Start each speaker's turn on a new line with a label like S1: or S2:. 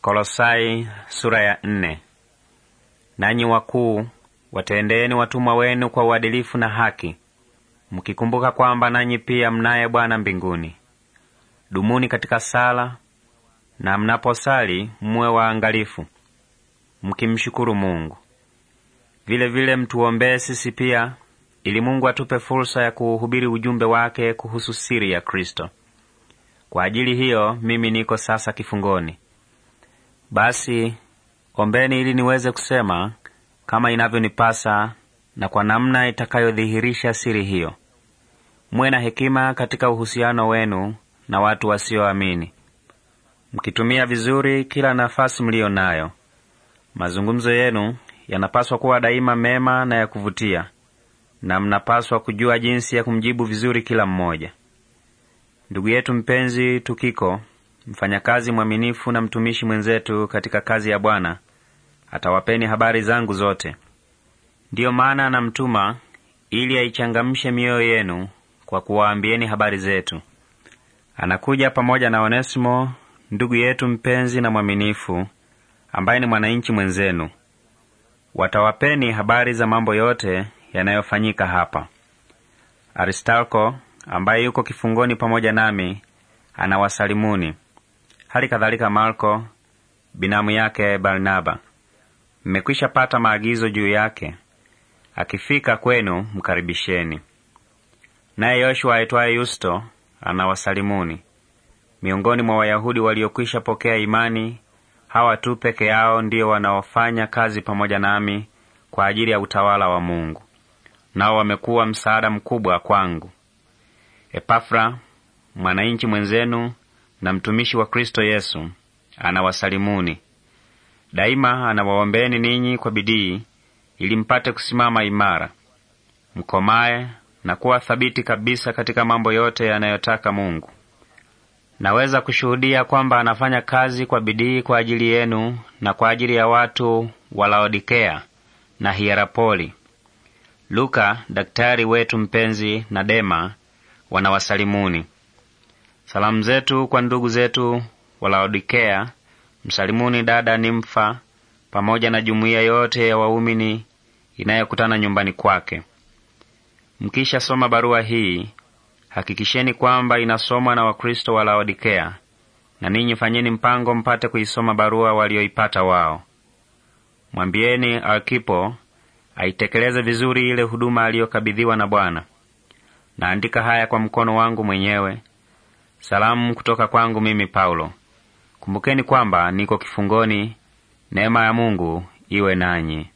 S1: Kolosai sura ya nne. Nanyi wakuu, watendeeni watumwa wenu kwa uadilifu na haki, mkikumbuka kwamba nanyi pia mnaye Bwana mbinguni. Dumuni katika sala, na mnaposali muwe waangalifu, mkimshukuru Mungu. Vile vile mtuombee sisi pia, ili Mungu atupe fursa ya kuuhubiri ujumbe wake kuhusu siri ya Kristo. Kwa ajili hiyo mimi niko sasa kifungoni basi ombeni ili niweze kusema kama inavyonipasa na kwa namna itakayodhihirisha siri hiyo. Mwe na hekima katika uhusiano wenu na watu wasioamini, mkitumia vizuri kila nafasi mliyo nayo. Mazungumzo yenu yanapaswa kuwa daima mema na ya kuvutia, na mnapaswa kujua jinsi ya kumjibu vizuri kila mmoja. Ndugu yetu mpenzi Tukiko mfanyakazi mwaminifu na mtumishi mwenzetu katika kazi ya Bwana, atawapeni habari zangu zote. Ndiyo maana anamtuma ili aichangamshe mioyo yenu kwa kuwaambieni habari zetu. Anakuja pamoja na Onesimo ndugu yetu mpenzi na mwaminifu, ambaye ni mwananchi mwenzenu. Watawapeni habari za mambo yote yanayofanyika hapa. Aristarko ambaye yuko kifungoni pamoja nami anawasalimuni hali kadhalika Marko binamu yake Barnaba. Mmekwisha pata maagizo juu yake. Akifika kwenu mkaribisheni. Naye Yoshua aitwaye Yusto anawasalimuni. Miongoni mwa Wayahudi waliokwisha pokea imani, hawa tu peke yao ndiyo wanaofanya kazi pamoja nami kwa ajili ya utawala wa Mungu, nao wamekuwa msaada mkubwa kwangu. Epafra, mwananchi mwenzenu na mtumishi wa Kristo Yesu anawasalimuni. Daima anawaombeni ninyi kwa bidii, ili mpate kusimama imara, mkomaye na kuwa thabiti kabisa katika mambo yote yanayotaka Mungu. Naweza kushuhudia kwamba anafanya kazi kwa bidii kwa ajili yenu na kwa ajili ya watu wa Laodikea na Hierapoli. Luka daktari wetu mpenzi na Dema wanawasalimuni. Salamu zetu kwa ndugu zetu Walaodikea. Msalimuni dada Nimfa pamoja na jumuiya yote ya waumini inayokutana nyumbani kwake. Mkisha soma barua hii, hakikisheni kwamba inasomwa na Wakristo wa Laodikea, na ninyi fanyeni mpango mpate kuisoma barua walioipata wao. Mwambieni Arkipo aitekeleze vizuri ile huduma aliyokabidhiwa na Bwana. Naandika haya kwa mkono wangu mwenyewe Salamu kutoka kwangu mimi Paulo. Kumbukeni kwamba niko kifungoni. Neema ya Mungu iwe nanyi.